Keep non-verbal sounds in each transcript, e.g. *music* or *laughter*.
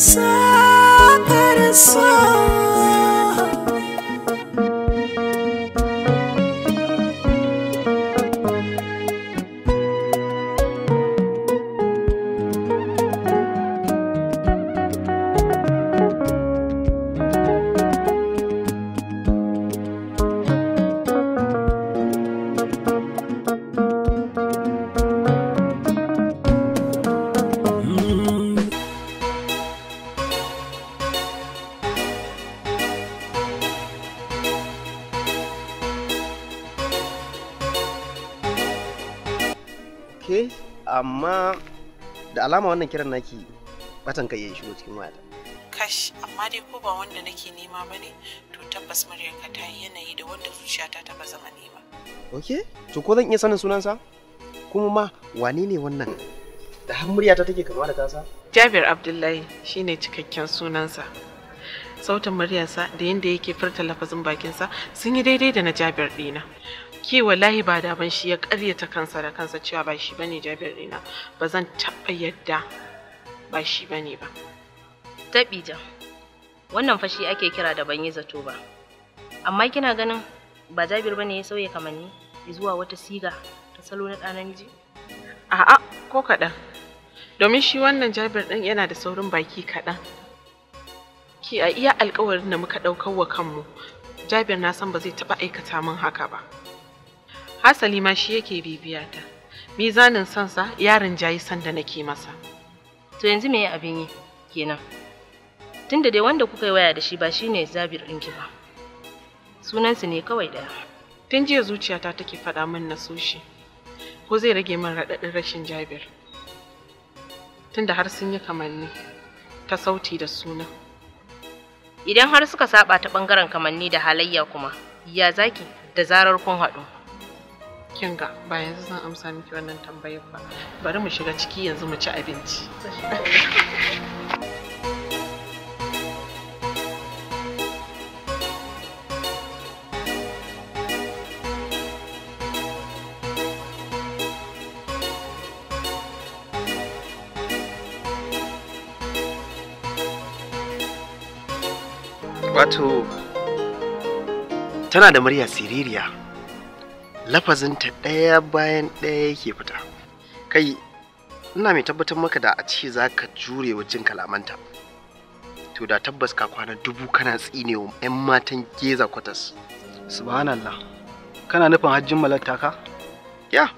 só. alama wannan kiran naki batan kai ya shigo cikin wayata kash amma dai ko ba wanda nake nema ba ne to tabbas ka ta yi yanayi da wanda zuciyata ta bazama zama nema Okay, to ko zan iya sanin sunansa kuma ma wane ne wannan da har muryata take kama da tasa jabir abdullahi shine cikakken sunansa sautin muryarsa da yadda yake furta lafazin bakinsa sun yi daidai da na jabir dina ke wallahi ba ban shi ya karyata kansa da kansa cewa ba shi bane Jabir dina ba zan taɓa yadda ba shi bane ba Tabija ja wannan fashi ake kira da ban yi zato ba amma kina ganin ba Jabir bane ya sauya kamanni zuwa wata siga ta salo na ɗanan ji a'a ko kaɗan domin shi wannan Jabir ɗin yana da saurin baki kaɗan ki a iya alkawarin da muka ɗaukar wa kanmu Jabir na san ba zai taɓa aikata min haka ba. hasali ma shi yake bibiya ta mizanin sansa ya jayi sanda nake masa to yanzu me abin yi kenan tunda dai wanda kuka yi waya da shi ba shine zabir ɗinki ba sunansu ne kawai ɗaya tun jiya zuciyata take faɗa min na so shi ko zai rage min raɗaɗin rashin jabir tunda har sun yi kamanni ta sauti da suna idan har suka saba ta ɓangaren kamanni da halayya kuma ya zaki da zarar kun haɗu kin ga ba yanzu zan amsa miki wannan tambayar ba bari mu shiga ciki yanzu mu ci abinci Wato, tana da murya siririya. lafazinta ɗaya bayan ɗaya yake fita kai ina mai tabbatar maka da a ce za ka jure wa jin kalamanta to da tabbas ka kwana dubu kana tsine wa 'yan matan geza kwatas subhanallah kana nufin hajjin malatta ka ya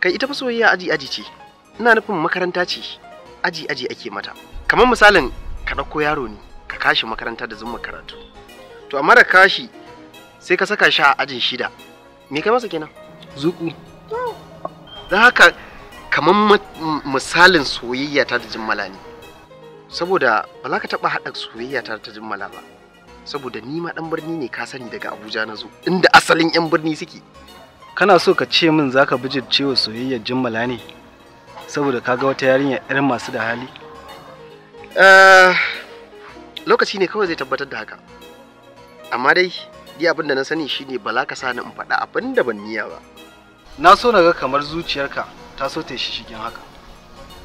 kai ita fa soyayya aji aji ce ina nufin makaranta ce aji aji ake mata kamar misalin ka ɗauko yaro ne ka kashi makaranta da zuma karatu to amma da kashi sai ka saka shi a ajin shida me kai masa kenan zuku don haka kamar misalin soyayya ta da jimmala ne saboda ba za ka taɓa haɗa soyayya ta da jimmala ba saboda ni ma ɗan birni ne ka sani daga abuja na zo inda asalin 'yan birni suke kana so ka ce min za ka bijirce wa soyayyar jimmala ne saboda ka ga wata yarinya 'yar masu da hali eh, lokaci ne kawai zai tabbatar da haka amma dai di abin da na sani shine ba za ka sani in faɗa abin da ban niyya ba na so na ga kamar zuciyarka ta so ta shi shigin haka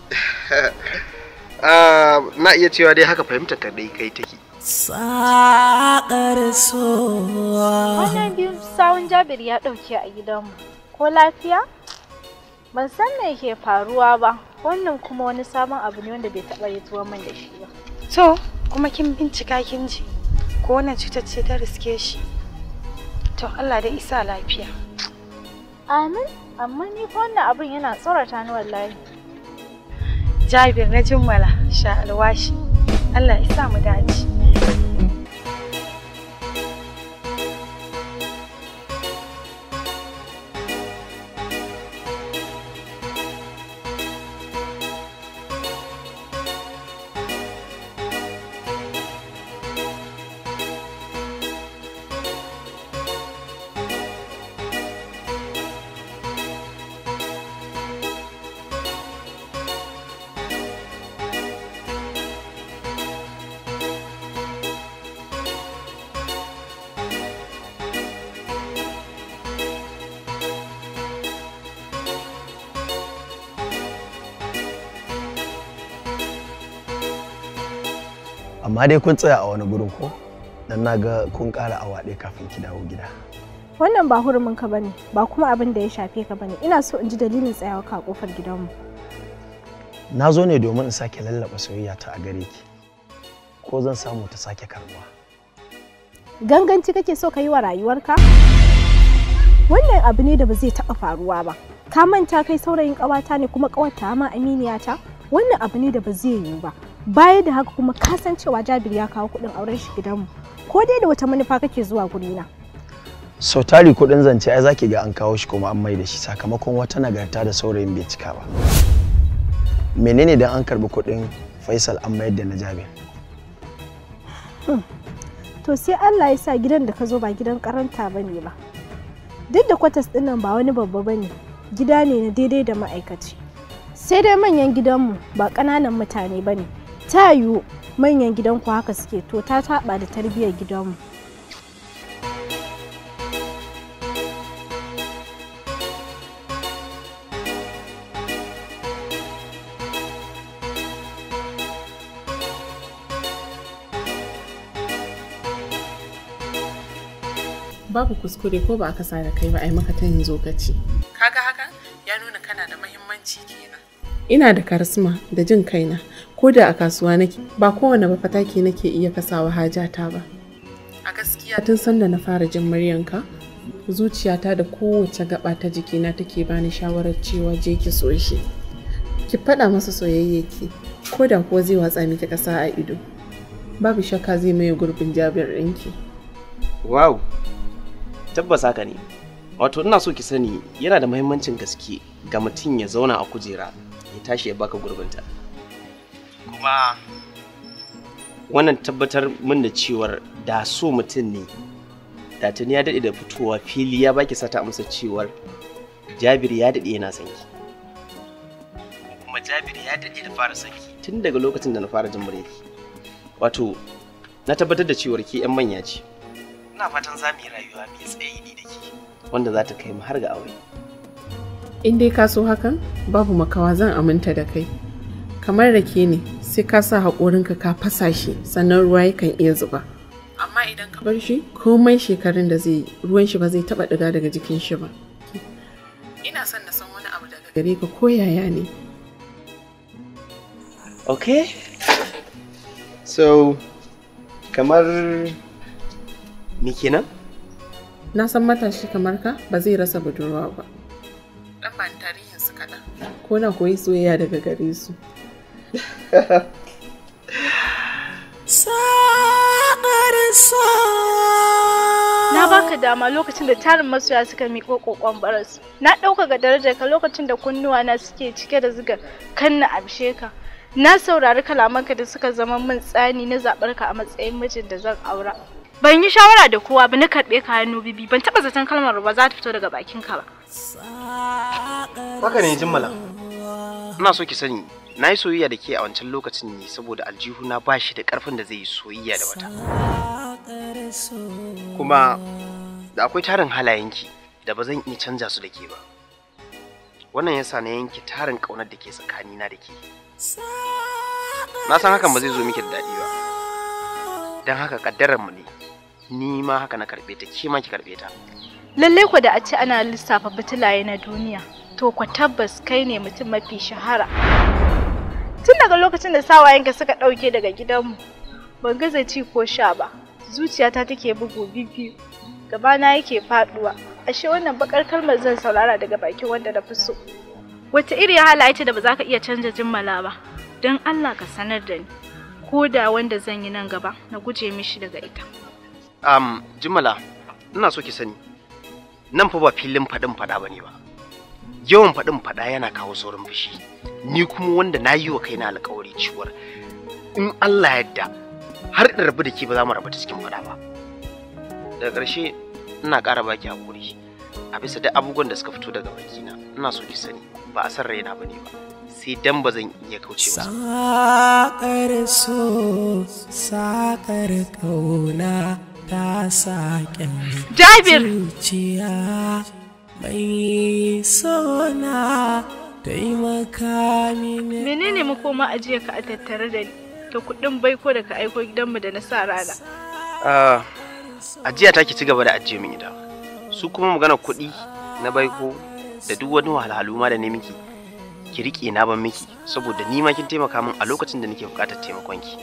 *laughs* ah, na iya cewa dai haka fahimta ka dai kai take Sakar Wannan biyun sawun Jabir ya ɗauke a gidanmu. Ko lafiya? Ban san me ke faruwa ba. Wannan kuma wani sabon abu ne wanda bai taɓa yatuwa man da shi ba. To, kuma kin bincika kin ji ko wannan cutar ce ta riske shi. To Allah dai isa lafiya. Amin, amma ni fa wannan abun yana tsorata ni wallahi. Jabir na jimmala sha alwashi. Allah isa mu dace. amma dai kun tsaya a wani gurin ko dan na ga kun ƙara awa ɗaya kafin ki dawo gida wannan ba hurumin ka bane ba kuma abin da ya shafe ka bane ina so in ji dalilin tsayawa ka kofar gidanmu na zo ne domin in sake lallaba soyayya ta a gare ki ko zan samu ta sake karbuwa ganganci kake so ka yi wa rayuwarka wannan abu ne da ba zai taɓa faruwa ba ka manta kai saurayin ƙawata ne kuma ƙawata ma aminiyata wannan abu ne da ba zai yiwu ba baya da haka kuma ka san cewa jabir ya kawo kuɗin auren shi gidanmu ko dai da wata manufa kake zuwa na. sau tari kuɗin zance ai zaki ga an kawo shi kuma an mai da shi sakamakon wata nagarta da saurayin bai cika ba menene dan an karbi kuɗin faisal an mayar da na jabir hmm. to sai allah ya sa gidan da ka zo ba gidan karanta bane ba duk da kwatas nan ba wani babba ba ne gida ne na daidai da ma'aikaci sai dai manyan gidanmu ba kananan mutane ba ne ta yiwu manyan gidanku haka suke to ta taɓa da tarbiyyar gidanmu babu kuskure ko ba aka da kai ba ai maka ta yin Ka Kaga haka ya nuna kana da mahimmanci kenan. Ina da karisma da jin kaina ko da a kasuwa nake ba kowane ba fataki nake iya kasawa hajata ba a gaskiya tun sanda na fara jin muryanka zuciyata da kowace gaba ta jikina take bani shawarar cewa je ki so shi ki faɗa masa soyayyaki ko da kuwa zai watsa miki ƙasa a ido babu shakka zai maye gurbin jabir ɗinki wow tabbas haka ne wato ina so ki sani yana da muhimmancin gaske ga mutum ya zauna a kujera ya tashi ya baka gurbinta ba wannan tabbatar min da cewar da so mutum ne da tuni ya daɗe da fitowa fili ya baki sata amsa cewar jabir ya daɗe yana sanki kuma jabir ya daɗe da fara sanki tun daga lokacin da na fara jin mureki wato na tabbatar da cewar ke 'yan manya ce ina fatan za mu yi rayuwa mai tsayi ne da ke wanda za ta kai mu har ga aure in dai ka so hakan babu makawa zan aminta da kai kamar rake ne sai ka sa haƙorinka ka fasa shi sannan ruwa yakan iya zuba amma idan ka bar shi komai shekarun da zai ruwan shi ba zai taɓa ɗiga daga jikin shi ba ina son na san wani abu daga gare ka ko yaya ne okay so kamar ni kenan na san matashi kamar ka ba zai rasa budurwa ba ɗan tarihin su kaɗan ko na koyi soyayya daga gare su Na baka dama lokacin da tarin masoya suka miƙo ƙoƙon barasu Na ɗauka ga darajar ka lokacin da kunnuwa na suke cike da zigar kan na amshe ka. Na saurari kalamanka da suka zama min tsani na zaɓar ka a matsayin mijin da zan aura. Ban yi shawara da kowa ba na karɓe ka hannu bibi ban taɓa zaton kalmar ba za ta fito daga bakinka ba. Haka ne jimmala. Ina so ki sani na yi soyayya da ke a wancan lokacin ne saboda aljihuna ba shi da karfin da zai yi soyayya da wata kuma da akwai tarin halayenki da ba zan iya canza su da ke ba wannan yasa na yanke tarin ƙaunar da ke tsakanina da ke na san hakan ba zai zo miki da daɗi ba don haka ƙaddararmu ne ni ma haka na karɓe ta ke ma ki karɓe ta lallai ku da a ce ana lissafa fitilaye na duniya to ku tabbas kai ne mutum mafi shahara tun daga lokacin da sawayenka suka ɗauke daga gidanmu ban gaza ci ko sha ba zuciyata take bugu bibiyu gabana yake faduwa ashe wannan bakar kalmar zan saurara daga bakin wanda na fi so wata iri halaye ita da ba za ka iya canza jimmala ba don allah ka sanar da ni ko da wanda zan yi nan gaba na guje mishi daga ita um, jimmala ina so ki sani nan fa ba filin faɗin faɗa ba ne ba yawan faɗin faɗa yana kawo saurin fushi ni kuma wanda na yi wa kaina alkawari ciwar in Allah yadda har da rabu da ke ba za mu rabu cikin faɗa ba daga ƙarshe ina ƙara baki hakuri a bisa da abubuwan da suka fito daga bakina ina so ki sani ba a san raina ba ne ba sai dan ba zan iya kauce ba saƙar so saƙar kauna ta saƙin jabir mai sona taimaka mini menene makoma ajiya ka a tattare da ni da kuɗin baiko da ka aiko gidanmu da na sa rana ah, ajiya ki ci gaba da ajiye min gida su kuma magana kuɗi na baiko da duk wani wahalhalu ma da ne miki ki riƙe na ban miki saboda ni ma kin taimaka min a lokacin da nake buƙatar taimakon ki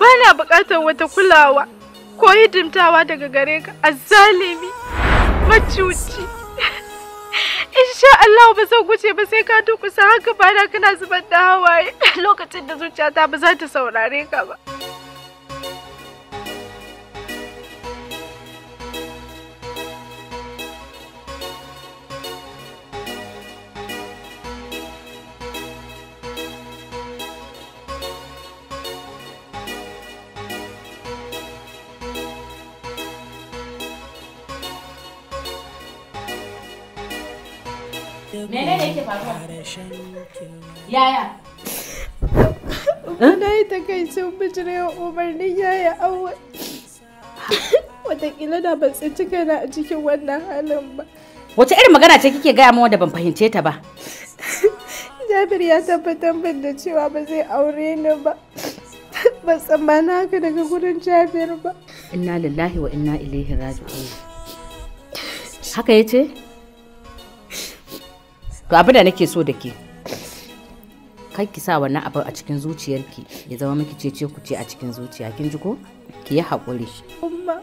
bana buƙatar wata kulawa ko hidimtawa daga gare ka a zalimi. macuci insha Allah ba zan wuce ba sai ka dukusa haka bana kana zubar da hawaye lokacin da zuciyata ba za ta saurare ka ba Mene ne yake faruwa? Yaya? Na yi takaicin ya umarnin yaya awa. Wataƙila da ban tsinci kaina a cikin wannan halin ba. Wace irin magana ce kike gaya min wanda ban fahimce ta ba? Jabir ya tabbatar min da cewa ba zai aure ni ba. Ba tsammana haka daga gurin Jabir ba. Inna lillahi wa inna ilaihi raji'un. Haka yace? to abin da nake so da ke kai ki sa wannan abin a cikin zuciyarki ya zama miki cece ku ce a cikin zuciya kin ji ko ki yi haƙuri amma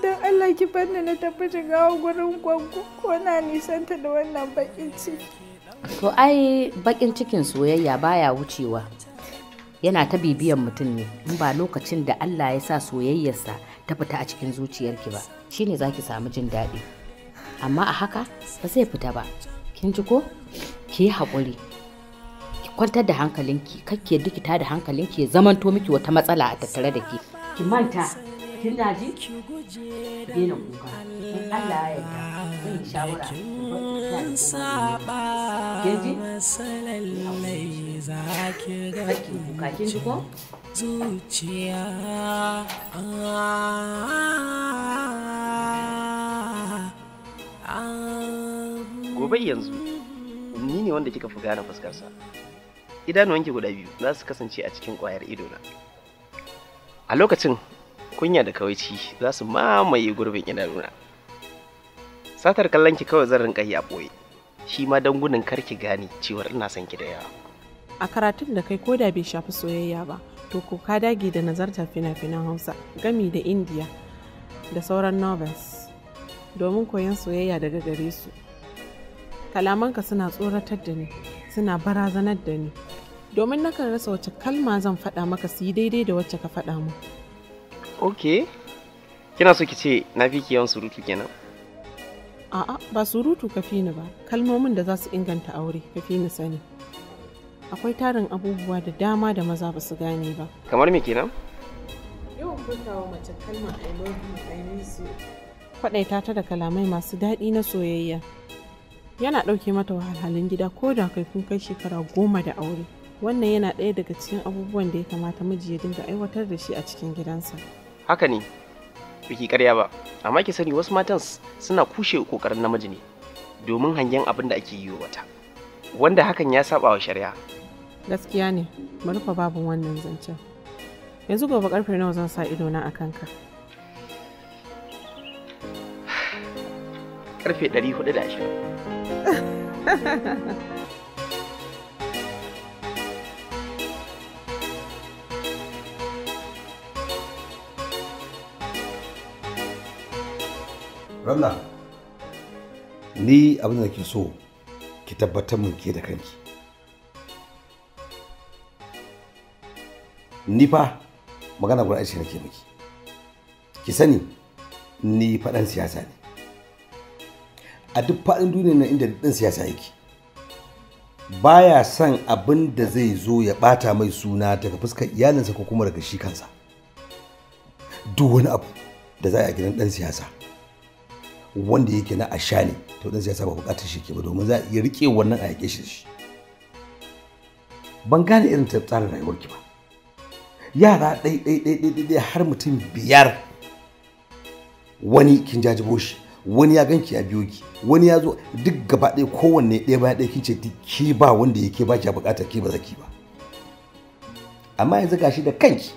dan Allah ki banna na tafi shiga gurin gwaggo ko na nisan ta da wannan bakin ciki to ai bakin cikin soyayya baya wucewa yana ta bibiyan mutum ne in ba lokacin da Allah ya sa soyayyarsa ta fita a cikin zuciyarki ba shine zaki samu jin daɗi amma a haka ba zai fita ba kin ji ko ki yi haƙuri ki kwantar da hankalinki kakke dukita da hankalinki ya zamanto miki wata matsala a tattare da ke ki manta kin da ji ki daina kuka in Allah ya yarda zan shawara in saba kin ga ki kuka kin ji ko zuciya ah, ah. gobe yanzu ni ne wanda kika fi gane fuskarsa idanuwanki guda biyu za su kasance a cikin ƙwayar idona a lokacin kunya da kawaici za su mamaye gurbin idanuna satar kallon ki kawai zan rinka yi a ɓoye shi ma don gudun kar ki gane cewar ina son ki da yawa a karatun da kai ko da bai shafi soyayya ba to ko ka dage da nazartar fina-finan hausa gami da indiya da sauran novels domin koyon soyayya daga gare su kalamanka suna tsoratar da ni suna barazanar da ni domin nakan rasa wace kalma zan faɗa maka su yi daidai da wacce ka faɗa mu ok kina so ki ce na fi ki yawan surutu kenan a'a ba surutu ka fi ni ba kalmomin da za su inganta aure ka fi ni sani akwai tarin abubuwa da dama da maza ba su gane ba kamar me kenan yawan furtawa mace kalma i love you i miss you faɗaita ta da kalamai masu daɗi na soyayya yana ɗauke mata wahalhalun gida ko da kai kun kai shekara goma da aure wannan yana ɗaya daga cikin abubuwan da ya kamata miji ya dinga aiwatar da shi a cikin gidansa haka ne biki karya ba amma ki sani wasu matan suna kushe kokarin namiji ne domin hangen abin da ake yi wa wata wanda hakan ya saba wa shari'a gaskiya ne mu rufe babun wannan zancen yanzu gobe karfe nawa zan sa ido na akan ka karfe 420 Ramla, ni abin da ke so ki tabbatar mun ke da kanki. Ni fa magana guda aisha nake miki. Ki sani, ni faɗan siyasa ne. a duk faɗin duniya na inda ɗan siyasa yake baya son abin da zai zo ya ɓata mai suna daga fuskar iyalinsa ko kuma daga shi kansa duk wani abu da za a gidan ɗan siyasa wanda yake na asha ne to ɗan siyasa ba buƙatar shi ke ba domin za a iya riƙe wannan a yake shi da shi ban gane irin ta tsarin rayuwar ki ba yara ɗai ɗai ɗai ɗai har mutum biyar wani kin jajibo shi wani ya ganki ya biyo ki wani ya zo duk gaba ɗaya kowanne ɗaya bayan ɗaya kince ki ba wanda yake ba ki bukata ki ba zaki ba amma yanzu gashi da kanki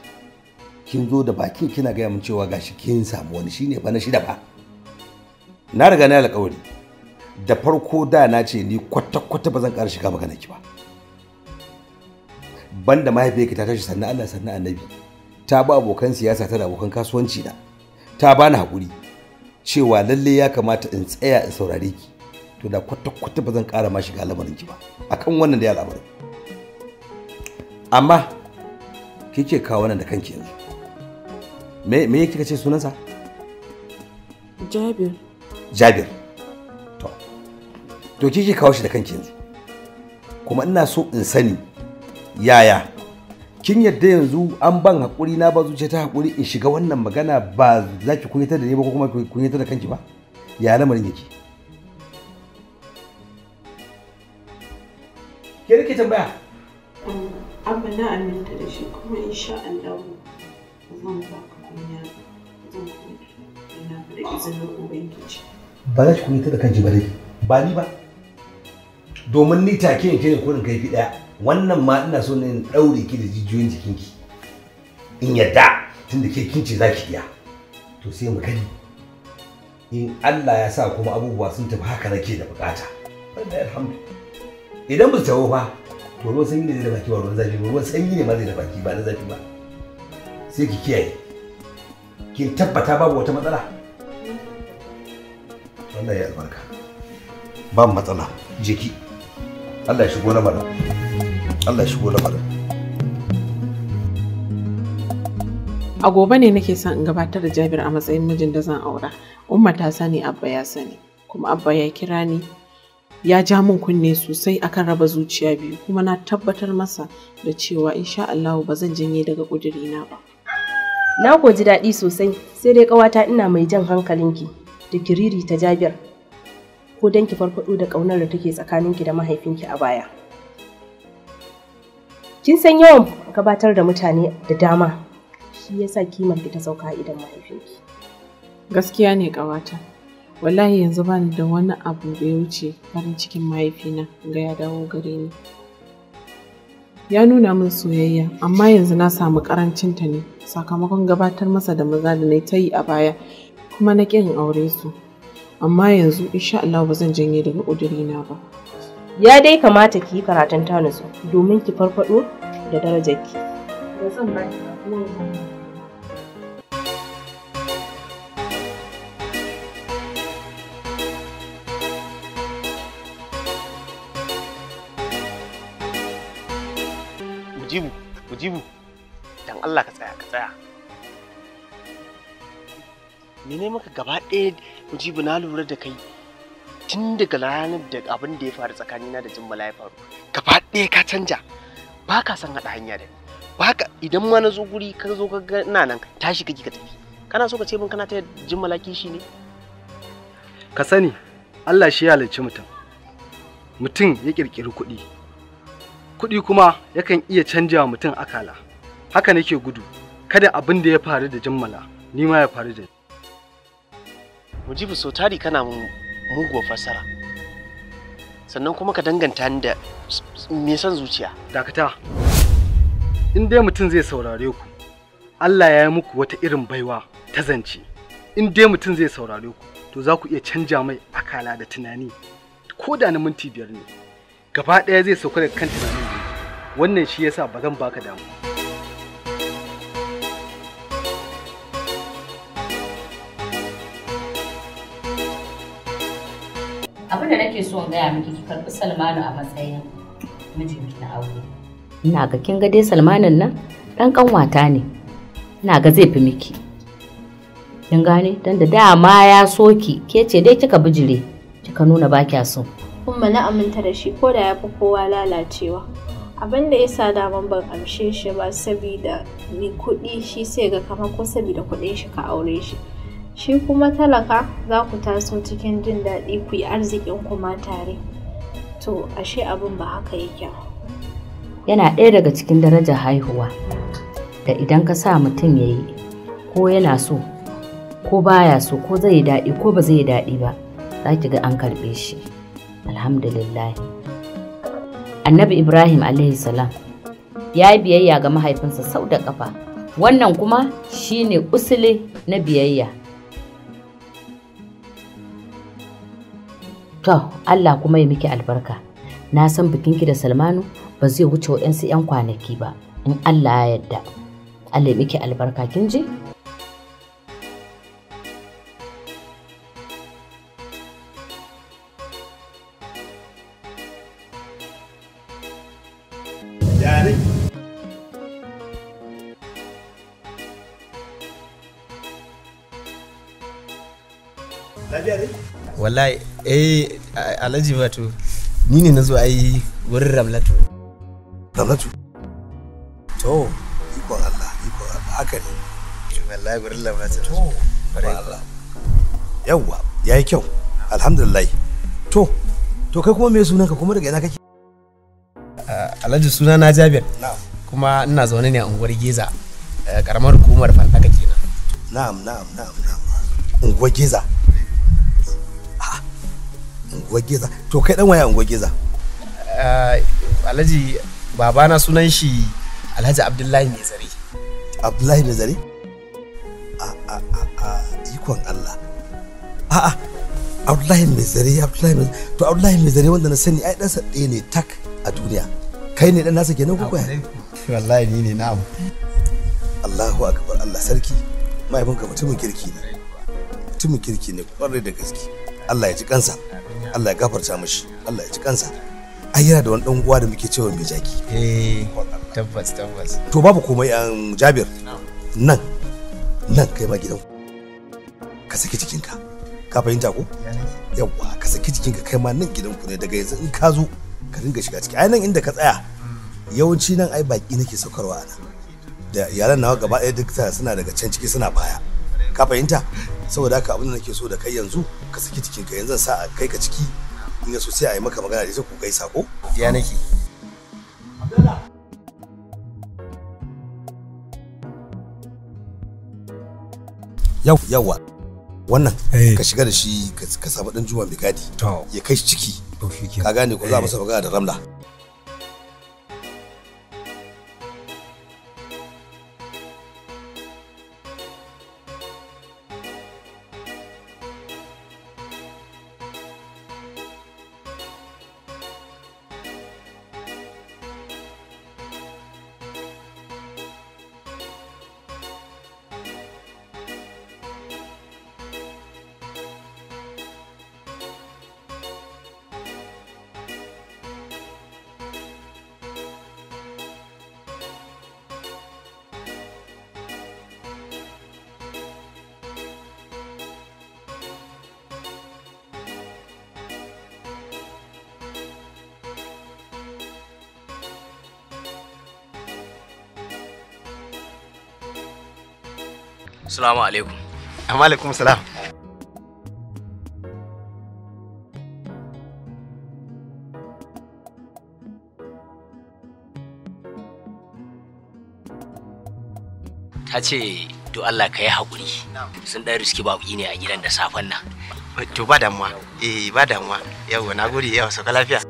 kin zo da bakin kina gaya min cewa gashi kin samu wani shine ba na shi da ba na riga na alƙawari da farko da na ce ni kwata-kwata ba zan ƙara shiga magana ki ba banda mahaifiyarki ta tashi sannan Allah sannan annabi ta ba abokan siyasa ta da abokan kasuwanci da ta bani hakuri. cewa lalle ya kamata in tsaya in saurare ki to da kwata-kwata ba zan ƙara ma shiga lamarin ki ba akan wannan da ya labarin amma kike kawo wannan da kanki yanzu me me kika ce sunansa Jabir Jabir to to kike kawo shi da kanki yanzu kuma ina so in sani yaya kin yadda yanzu an ban haƙuri na ba zuciya ta haƙuri in shiga wannan magana ba za ki kunyatar da ni ba ko kuma kunyatar da kanki ba ya lamarin yake ke rike tambaya abba na aminta da shi kuma in sha Allah zan ba ka kunya zan kunya da izinin ubangiji ba za ki kunyatar da kanki ba dai ba ni ba domin ni take in je in kurin kai fi daya wannan ma ina so ne in daure ki da jijiyoyin jikinki in yadda tun da ke kince za ki iya to sai mu gani in Allah ya sa kuma abubuwa sun tafi haka nake da bukata wallahi alhamdulillah idan ba tawo tafi fa to ruwan sanyi ne zai da baki ba ruwan zafi ba ruwan sanyi ne ma zai da baki ba na zafi ba sai ki kiyaye ki tabbata babu wata matsala Allah ya albarka ba matsala jiki Allah ya shigo na mana. thank you Allah ya shigo lamarin a gobe ne nake son in gabatar da Jabir a matsayin mijin da zan aura umma ta sani abba ya sani kuma abba ya kira ni ya ja min kunne sosai akan raba zuciya biyu kuma na tabbatar masa da cewa insha Allah ba zan janye daga na ba na goji daɗi sosai sai dai ƙawata ina mai jan hankalinki da kiriri ta Jabir ko don ki farfaɗo da ƙaunar da take tsakaninki da mahaifinki a baya kin san yawan gabatar da mutane da dama shi yasa kimar ki ta sauka idan mahaifinki gaskiya ne ƙawata wallahi yanzu ba ni da wani abu da ya wuce farin cikin mahaifina ga ya dawo gare ni ya nuna min soyayya amma yanzu na samu karancin ta ne sakamakon gabatar masa da maza da na ta yi a baya kuma na ƙin aure su amma yanzu insha Allah ba zan janye daga ƙudurina ba ya dai kamata ki yi karatun ta nutsu domin ki farfado da darajarki. Mujibu, Mujibu, dan Allah ka tsaya, ka tsaya. Ni maka gaba ɗaya Mujibu na lura da kai tun daga ranar da abin da ya faru tsakanina da jimmala ya faru gaba ɗaya ka canja ba ka san haɗa hanya da ba idan ma na zo guri ka zo ka ga ina nan tashi kake ka tafi kana so ka ce min kana ta jimmala kishi ne ka sani Allah shi ya halarci mutum mutum ya kirkiri kuɗi kuɗi kuma yakan iya canja mutum akala haka nake gudu kada abin da ya faru da jimmala ni ma ya faru da ni mujibu so tari kana mun muguwa fasara, sannan kuma ka danganta ni da me son zuciya dakata in dai mutum zai saurare ku Allah ya yi muku wata irin baiwa ta zance in dai mutum zai saurare ku to za ku iya canja mai akala da tunani ko da na minti biyar ne gaba ɗaya zai sauka daga kan tunanin wannan shi yasa ba zan baka damu abin da nake so in gaya miki ki karɓi Salmanu a matsayin mijinki na aure. Ina ga kin ga dai Salmanin nan ɗan ƙanwata ne. Ina ga zai fi miki. Kin gane dan da dama ya soki ke ce dai kika bijire kika nuna ba kya so. Umma na aminta da shi ko da ya fi kowa lalacewa. abin da yasa daman ban amshe shi ba saboda ni kuɗi shi sai ga kama ko saboda kuɗin shi ka aure shi shi kuma talaka za ku taso cikin jin daɗi ku yi arzikin kuma tare to ashe abin ba haka yake yana ɗaya daga cikin darajar haihuwa da idan ka sa mutum ya yi ko yana so ko baya so ko zai yi daɗi ko ba zai yi daɗi ba za ki ga an karɓe shi alhamdulillah annabi ibrahim alaihi salam ya yi biyayya ga mahaifinsa sau da ƙafa wannan kuma shine usule na biyayya To, Allah kuma ya miki albarka. Na san bikinki da Salmanu ba zai wuce waɗansu 'yan kwanaki ba, in Allah ya yarda. Allah ya miki albarka kin ji? wallahi eh alhaji batu ni ne na zo ai wurin ramlatu ramlatu to iko Allah iko Allah haka ne wallahi wurin ramlatu to Allah yawwa yayi kyau alhamdulillah to to kai kuma me sunan ka kuma daga ina kake alhaji suna na jabir kuma ina zaune ne a unguwar geza karamar eh, hukumar fantaka kenan na'am na'am na'am na'am unguwar geza unguwar to kai dan waya unguwar geza eh, alhaji babana sunan shi alhaji abdullahi mai zare abdullahi mai zare a a a allah a a abdullahi mai zare abdullahi mai to abdullahi mai zare wanda na sani ai sa ɗaya ne tak a duniya kai ne dan nasa kenan ko kai wallahi ni ne na'am Allahu akbar Allah sarki bunka mutumin kirki ne mutumin kirki ne kwarai da gaske Allah ya ji kansa Allah ya gafarta mishi Allah ya ji kansa ai yana da wani dan uwa da muke cewa mai jaki eh tabbas tabbas to babu komai an um, Jabir nan nan kai ma gidan ka saki jikinka ka fahimta ko yawa ka saki jikinka kai ma nan gidan ku ne daga yanzu in ka zo ka ringa shiga ciki ai nan inda ka tsaya yawanci nan ai baki nake saukarwa ana da yaran nawa gaba ɗaya duk suna daga can ciki suna baya ka fahimta saboda haka abin da nake so da kai yanzu ka saki cikin ka yanzu sa kai ka ciki in ga so sai a yi maka magana da sai ku kai sako ya nake yau yawa wannan eh. ka shiga da shi ka samu dan juma bigadi ya kai shi ciki ka gane ko za a masa magana da ramla Assalamu alaikum. Amma alaikum salam. Ta ce to Allah ka yi haƙuri sun ɗan riski ba ne a gidan da safen nan. To ba damuwa, eh ba damuwa, yau na gode yau sauka lafiya.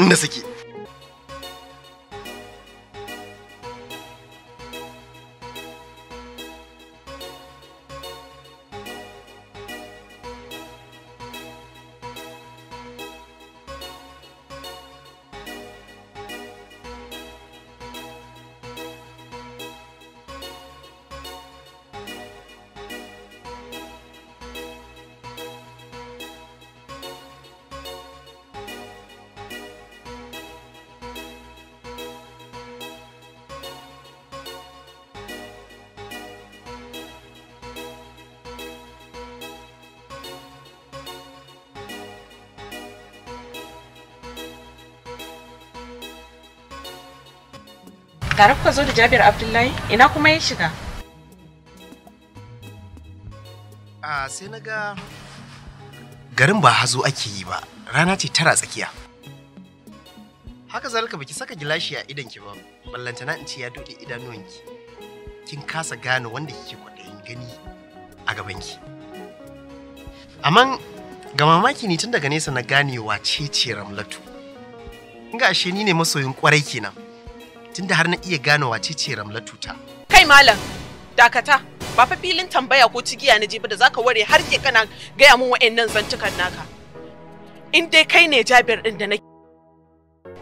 inda suke Tare kuka zo da Jabir Abdullahi ina kuma ya shiga? A sai na ga garin ba hazo ake yi ba rana ce tara tsakiya. Haka zalika baki saka gilashi a idanki ba, ballantana in ce ya dode idanuwanki. Kin kasa gane wanda kike kwaɗayin gani a gabanki. Aman ga mamaki ne tun daga nesa na ganewa ce ce Ramlatu. Ga ashe ni ne masoyin kwarai kenan. tunda har na iya gane wace ce ramlatu ta kai malam dakata ba fa filin tambaya ko cigiya na je ba da zaka ware har ke kana gaya mun wa'annan zantukan naka in dai kai ne jabir din da na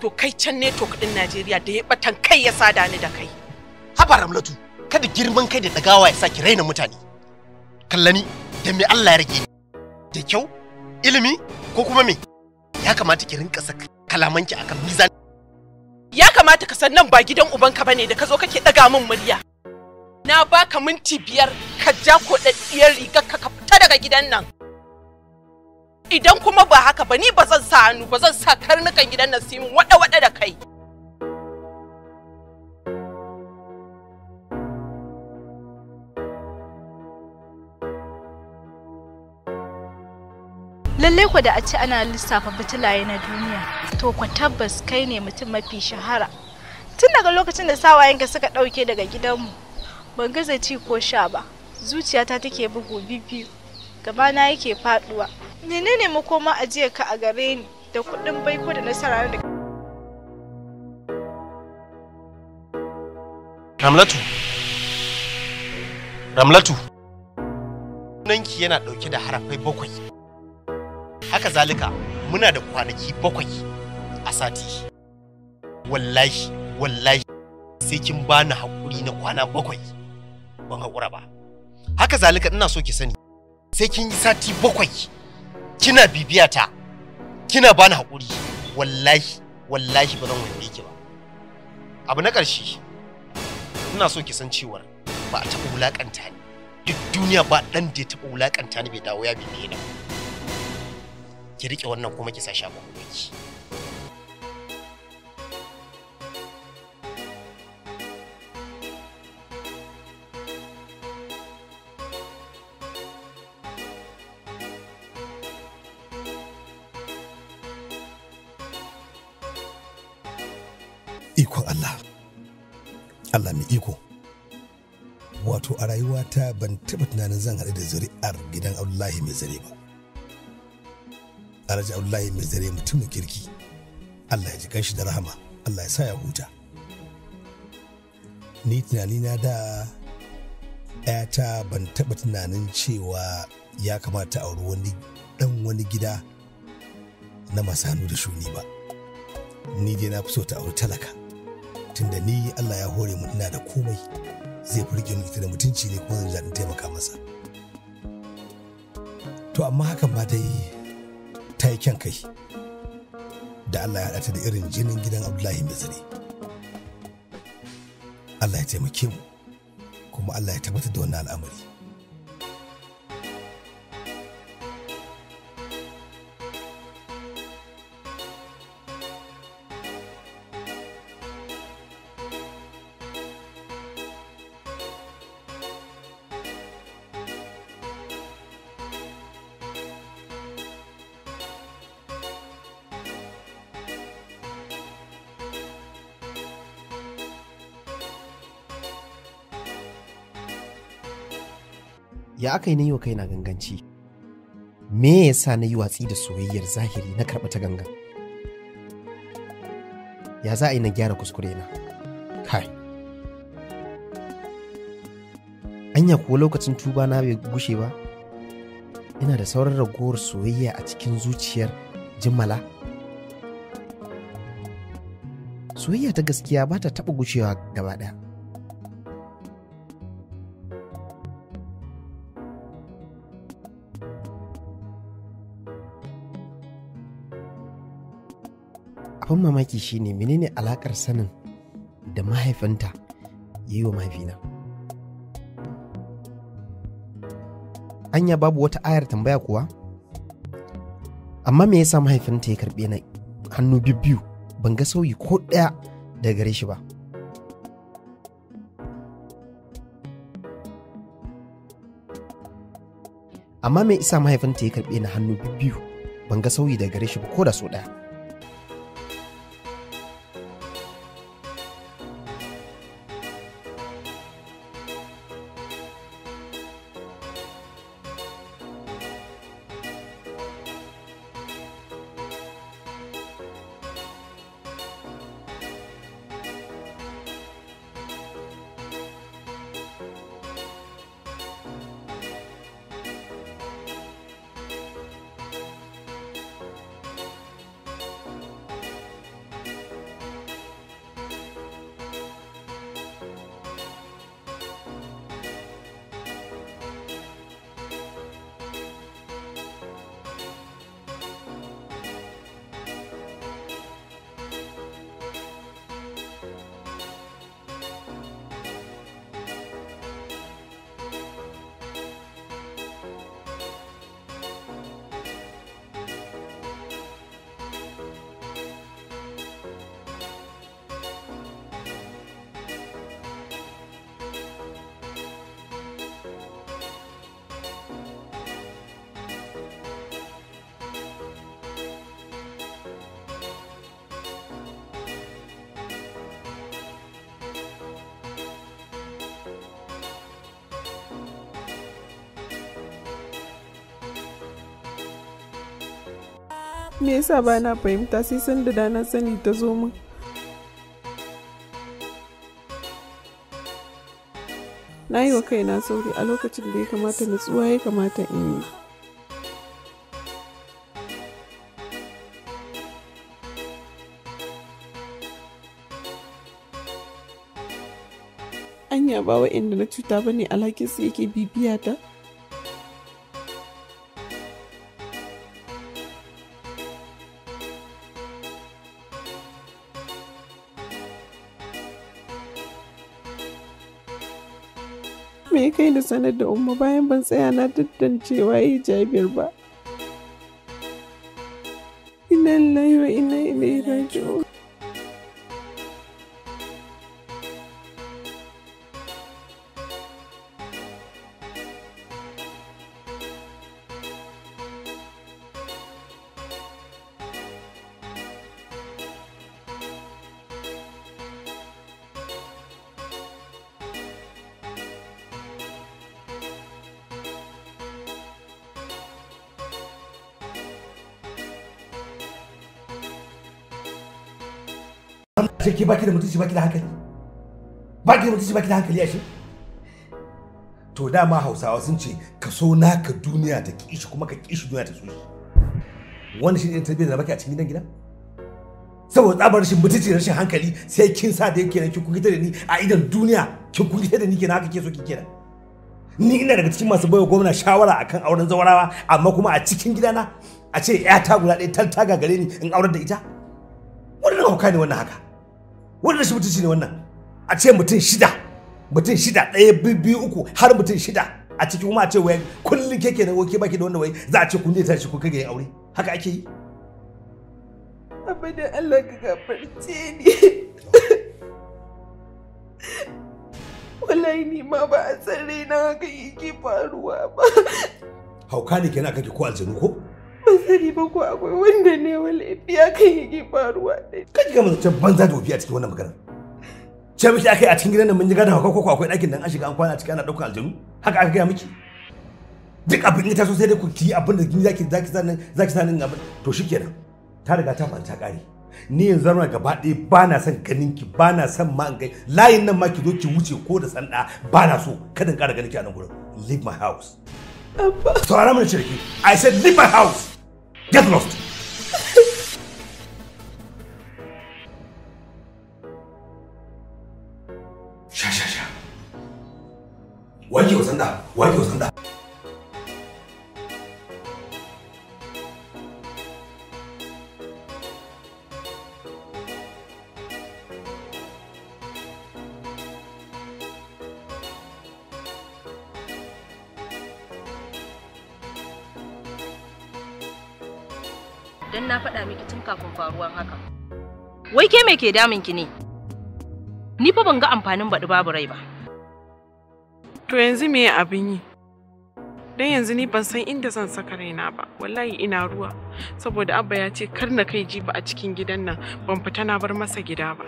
to kai can ne to kudin Najeriya da ya batan kai ya sada ni da kai haba ramlatu kada girman kai da dagawa ya saki raina mutane kallani da me Allah ya rage ni da kyau ilimi ko kuma me ya kamata ki rinka saka kalamanki akan mizani ya kamata ka san nan ba gidan ubanka bane da ka zo kake daga min murya na baka minti biyar ka ja ko koɗaɗɗiyar rigar ka fita daga gidan nan idan kuma ba haka ba ni ba zan sa hannu ba zan sa karnukan gidan nan su yi waɗa-waɗa da kai lallai ku da a ci ana lissafa fitilaye na duniya to ku tabbas kai ne mutum mafi shahara tun daga lokacin da sawayenka suka ɗauke daga gidanmu ban gaza ci ko sha ba zuciyata take bugu gaba na yake faduwa menene makoma ajiyar ka a gare ni da kuɗin baiko da nasara da Ramlatu Ramlatu Nanki yana ɗauke da harafai bakwai haka zalika muna da kwanaki bakwai a sati wallahi wallahi sai kin bani hakuri na kwana bakwai ban hakura ba haka zalika ina so ki sani sai kin yi sati bakwai kina bibiya ta kina bani hakuri wallahi wallahi ba zan wanda ki ba abu na ƙarshe ina so ki san cewar ba a taɓa wulaƙanta ni duk duniya ba ɗan da ya taɓa wulaƙanta ni bai dawo ya bibiye ni ki rike wannan kuma ki sa a ki Ikon Allah, Allah mai iko. Wato a rayuwata ban taɓa tunanin zan haɗu da zuri'ar gidan Abdullahi mai zare ba. alhaji abdullahi mai zare mutumin kirki allah ya ji shi da rahama allah ya sa ya huta ni tunani na da ‘yata ban taɓa tunanin cewa ya kamata a auri wani ɗan wani gida na masu hannu da shuni ba ni dai na fi so ta auri talaka tunda ni allah ya hore mu ina da komai zai fi riƙe ita da mutunci ne kuma zan taimaka masa to amma hakan ba dai ta yi kyan kai da Allah ya ta da irin jinin gidan Abdullahi mai Allah ya taimake mu kuma Allah ya tabbatar da wannan al'amari. aka yi na yi wa kaina ganganci me ya sa na yi watsi da soyayyar zahiri na karɓa ta gangan ya za a yi na gyara kuskure na kai anya kuwa lokacin tuba na bai gushe ba ina da sauran ragowar soyayya a cikin zuciyar jimala. soyayya ta gaskiya ba ta taɓa gushewa gaba ɗaya abin mamaki shine menene alakar sanin da mahaifinta ya yi wa mahaifina anya babu wata ayar tambaya kuwa amma me yasa mahaifinta ya karbe na hannu biyu ban ga sauyi ko ɗaya daga gare shi ba amma me isa mahaifinta ya karbe na hannu biyu ban ga sauyi daga gare shi ba ko da so ɗaya me yasa ba na fahimta sai san da dana sani ta zo min na yi wa kaina sauri a lokacin da ya kamata nutsuwa ya kamata in yi anya ba wa'inda na cuta ba ne su yake bibiya ta na sanar da umma bayan ban tsaya na tantancewa yi jabir ba. Inna lillahi wa inna ilaihi raji'un. ashe ke baki da mutunci baki da hankali baki da mutunci baki da hankali ashe to dama hausawa sun ce ka so naka duniya ta kishi kuma ka kishi duniya ta so shi wanda shi ne tarbiyyar da baki a cikin gidan gida saboda tsabar rashin mutunci da rashin hankali sai kin sa da yake kin kugita da ni a idan duniya kin kugita da ni kenan haka ke so ki kenan ni ina daga cikin masu baiwa gwamna shawara akan auren zawarawa amma kuma a cikin gidana a ce ta guda ɗaya tal taga gare ni in aurar da ita wannan hauka ne wannan haka wani rashin mutunci ne wannan a ce mutum shida mutum shida ɗaya biyu uku har mutum shida a ciki kuma a ce wai kullum ke kenan baki da wanda wai za a ce kun ta shi ko ga yin aure haka ake yi da Allah ka gafarce ni wallahi ni ma ba a san na haka yake faruwa ba hauka ne kenan kake ko aljanu ko ban sani ba ko akwai wanda ne wa laifi akan yake faruwa da kai ga mace banza da a cikin wannan magana ce miki akai a cikin gidan nan mun ji gadawa ko akwai ɗakin nan an shiga an kwana a ciki ana ɗaukar aljanu haka aka gaya miki duk abin ita sosai dai ku ki abin da zaki zaki sanin zaki sanin abin to shikenan ta riga ta fanta kare ni yanzu zama gaba ɗaya ba na son ganin ki ba na son ma gai layin nan ma ki zo ki wuce ko da sanda ba na so kada in ƙara ganin ki a nan gurin leave my house Abba. Saurara mana shirki. I said leave my house. 别动！*laughs* 行行行，我有扔的，我有扔的。faruwan haka. wai ke me ke damun ki ne ni fa ban ga amfanin baɗi babu rai ba to yanzu me abin yi dan yanzu ni ban san inda zan saka raina ba wallahi ina ruwa saboda abba ya ce kar na kai jiba a cikin gidan nan ban fita na bar masa gida ba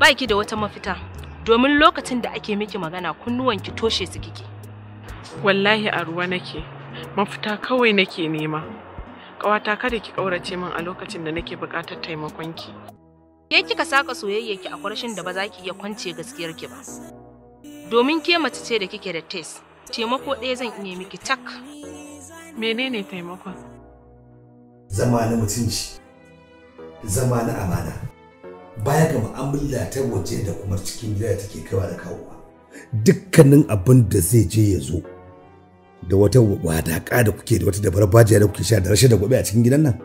ba ki da wata mafita domin lokacin da ake miki magana kunnuwan ki toshe su kike wallahi a ruwa nake mafita kawai nake nema Ƙawata kada ki ƙaurace min a lokacin da nake buƙatar taimakon ki. Ke kika saka soyayya ki a ƙarshen da ba za ki iya kwance gaskiyar ki ba. Domin ke mace ce da kike da tes, taimako ɗaya zan iya miki tak. Menene taimakon? Zama na mutunci, zama na amana. Baya ga mu'amala ta waje da kuma cikin gida take kaiwa da kawo. Dukkanin abin da zai je ya zo da wata wadaƙa da kuke da wata dabarar bajiya da kuke sha da rashin da gobe a cikin gidan nan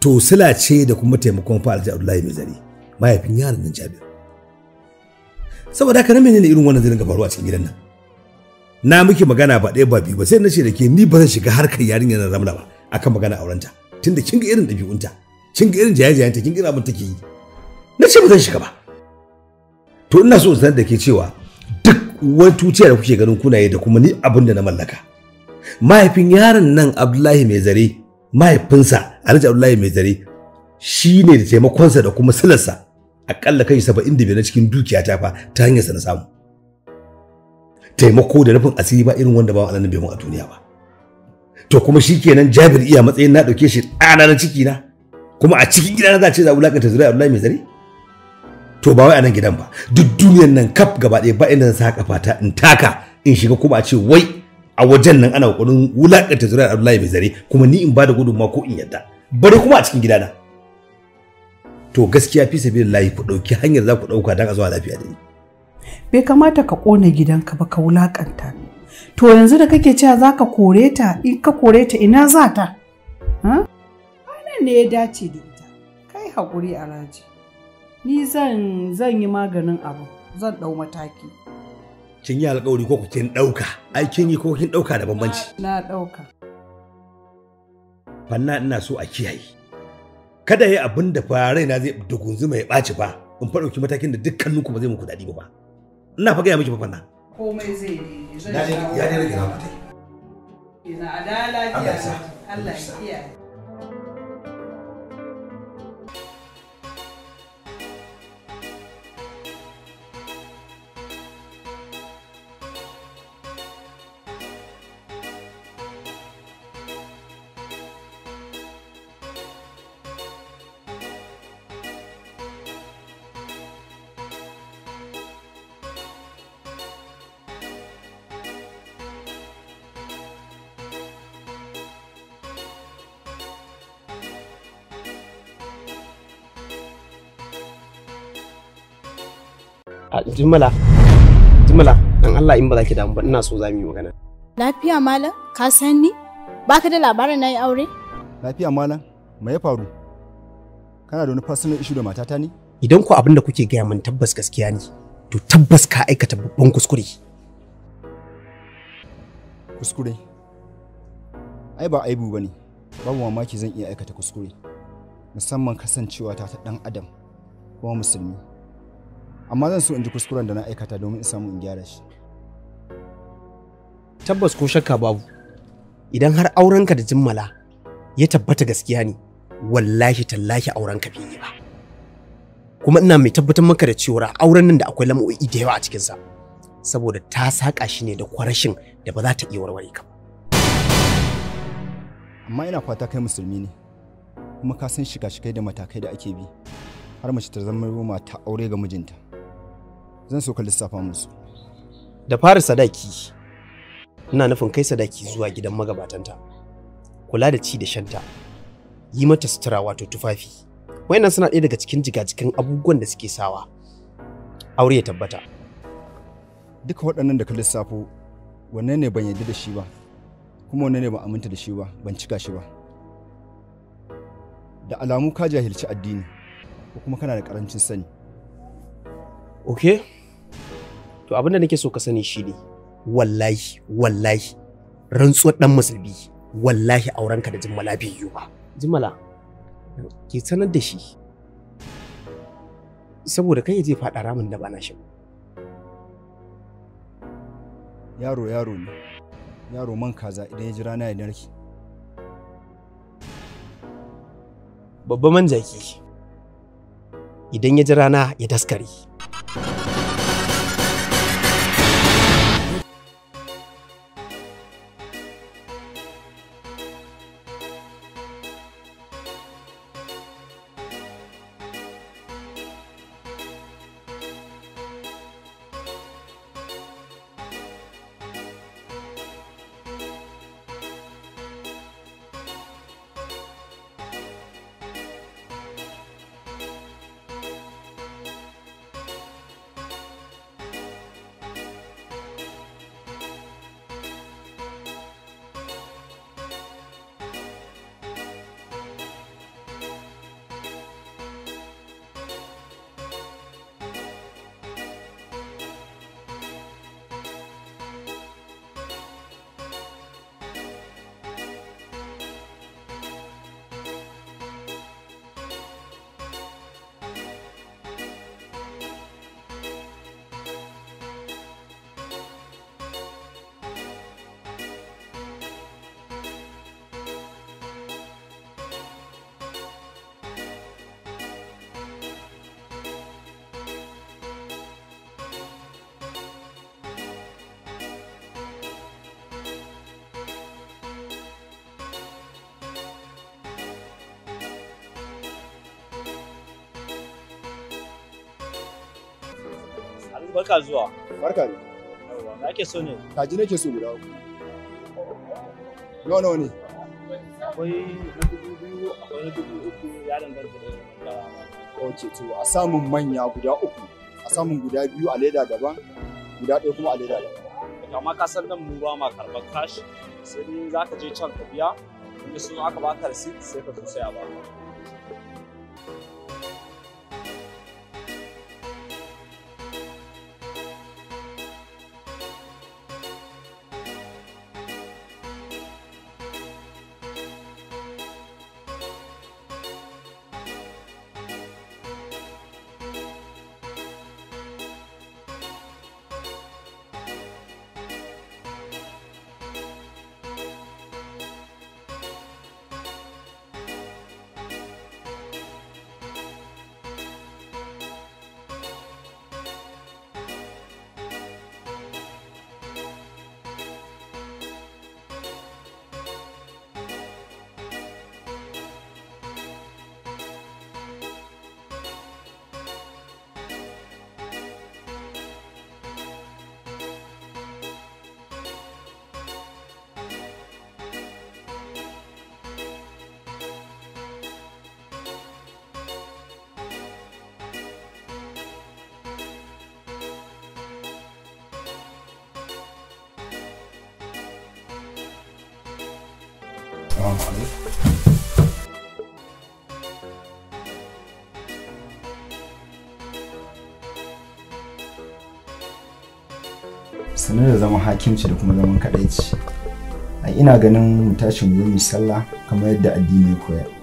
to sila ce da kuma taimakon fa alhaji abdullahi mai zari mahaifin yaron nan jabir saboda haka na menene irin wannan zai dinga faruwa a cikin gidan nan na miki magana ba ɗaya ba biyu ba sai na ce da ke ni ba zan shiga harkar yarinyar na ramla ba akan magana aurenta tunda kin ga irin ɗabi'unta kin ga irin jayayen ta kin ga abin take yi na ce ba zan shiga ba to ina so zan da ke cewa duk wani tuciya da kuke ganin kuna yi da kuma ni abin da na mallaka mahaifin yaron nan abdullahi mai zare mahaifinsa alhaji abdullahi mai zare shi ne da taimakonsa da kuma silarsa akalla kai saba'in da na cikin dukiya ta fa ta hanyarsa na samu taimako da nufin asiri ba irin wanda ba wa bai mun a duniya ba to kuma shi kenan jabir iya matsayin na ɗauke shi ɗana na ciki na kuma a cikin gida na za ce za wulakanta zuriya abdullahi mai zare to ba wai a nan gidan ba duk duniyar nan kaf gaba ɗaya ba inda zan saka fata in taka in shiga kuma a ce wai a wajen nan ana kokarin wulakanta zuriyar Abdullahi mai zare kuma ni in bada gudunma ko in yadda bari kuma a cikin gidana to gaskiya fi sabilillahi ku dauki hanyar za ku dauka dan a zuwa lafiya da ni bai kamata ka kona gidanka ba ka wulakanta to yanzu da kake cewa za ka kore ta in ka kore ta ina za ta ha ne ya dace da ita kai hakuri alhaji ni zan zan yi maganin abu zan ɗau mataki kin yi alkawari ko kin ɗauka ai kin yi ko kin ɗauka da bambanci na ɗauka fanna ina so a kiyaye kada yi abin da fa raina zai dugunzuma ya ɓaci ba in fa matakin da dukkaninku ba zai muku daɗi ba ina faga ya miki ba fanna komai zai yi. ya daidai ga na fitai ina adala Allah ya kiyaye jimala jimala dan Allah in ba za ki damu ba ina so za mu yi magana lafiya malam ka san ni baka da labarin nayi aure lafiya malam me ya faru kana da wani personal issue da matata ne idan ku abin da kuke gaya min tabbas gaskiya ne to tabbas ka aikata babban kuskure kuskure ai ba aibu bane babu mamaki zan iya aikata kuskure musamman kasancewa ta ta dan adam kuma musulmi amma zan so in ji kuskuren da na aikata domin in samu in gyara shi tabbas ko shakka babu idan har aurenka da jimmala ya tabbata gaskiya ne wallahi tallahi aurenka bai yi ba kuma ina mai tabbatar maka da cewa auren nan da akwai lamu'o'i da yawa a cikinsa saboda ta saƙa shi ne da kwarashin da ba za ta iya warware ka amma ina fata kai musulmi ne kuma ka san shiga shikai da matakai da ake bi har mace ta zama mata aure ga mijinta zan so ka lissafa musu da fara sadaki ina nufin kai sadaki zuwa gidan magabatanta kula da ci da shanta yi mata sutura wato tufafi wayannan suna ɗaya daga cikin jigajikan abubuwan da suke sawa aure ya tabbata duka waɗannan da ka lissafo wanne ne ban yarda da shi ba kuma wanne ne ban aminta da shi ba ban cika shi ba da alamu ka jahilci addini ko kuma kana da karancin sani okay to abin da nake so ka sani ne, wallahi wallahi rantsuwar dan musulmi wallahi aurenka da jimmala bai yiwu ba jimmala ke sanar da shi saboda kai je faɗa ramin da ba na shi yaro yaro ne yaro man kaza idan ya ji rana ya narki babba man jaki idan ya ji rana ya daskare Barka zuwa. Barka ne. Yawwa, na ake so ne? Kaji ke so guda uku. Nawa ne? Akwai na dubu biyu, akwai na dubu uku, ya danganta da Ok, to a samun manya guda uku, a samun guda biyu a leda daban, guda ɗaya kuma a leda daban. Kama ka san nan mu ba ma karɓar kashi, sai dai za ka je can ka biya, inda sun aka ba receipt sai ka zo saya ba. assalamu sanar da zama hakimci da kuma zaman kadaici ina ganin mu tashi mu yi sallah kamar yadda addini ya koyar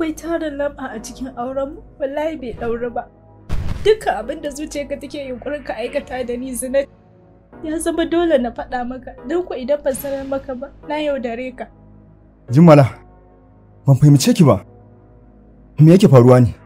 akwai tarin lamba a cikin aurenmu wallahi bai ɗauri ba dukkan abin da zuciyarka take yunkurin ka aikata da ni zina ya zama dole na faɗa maka don ku idan ban sanar maka ba na yaudare ka jimala ban fahimce ki ba me yake faruwa ne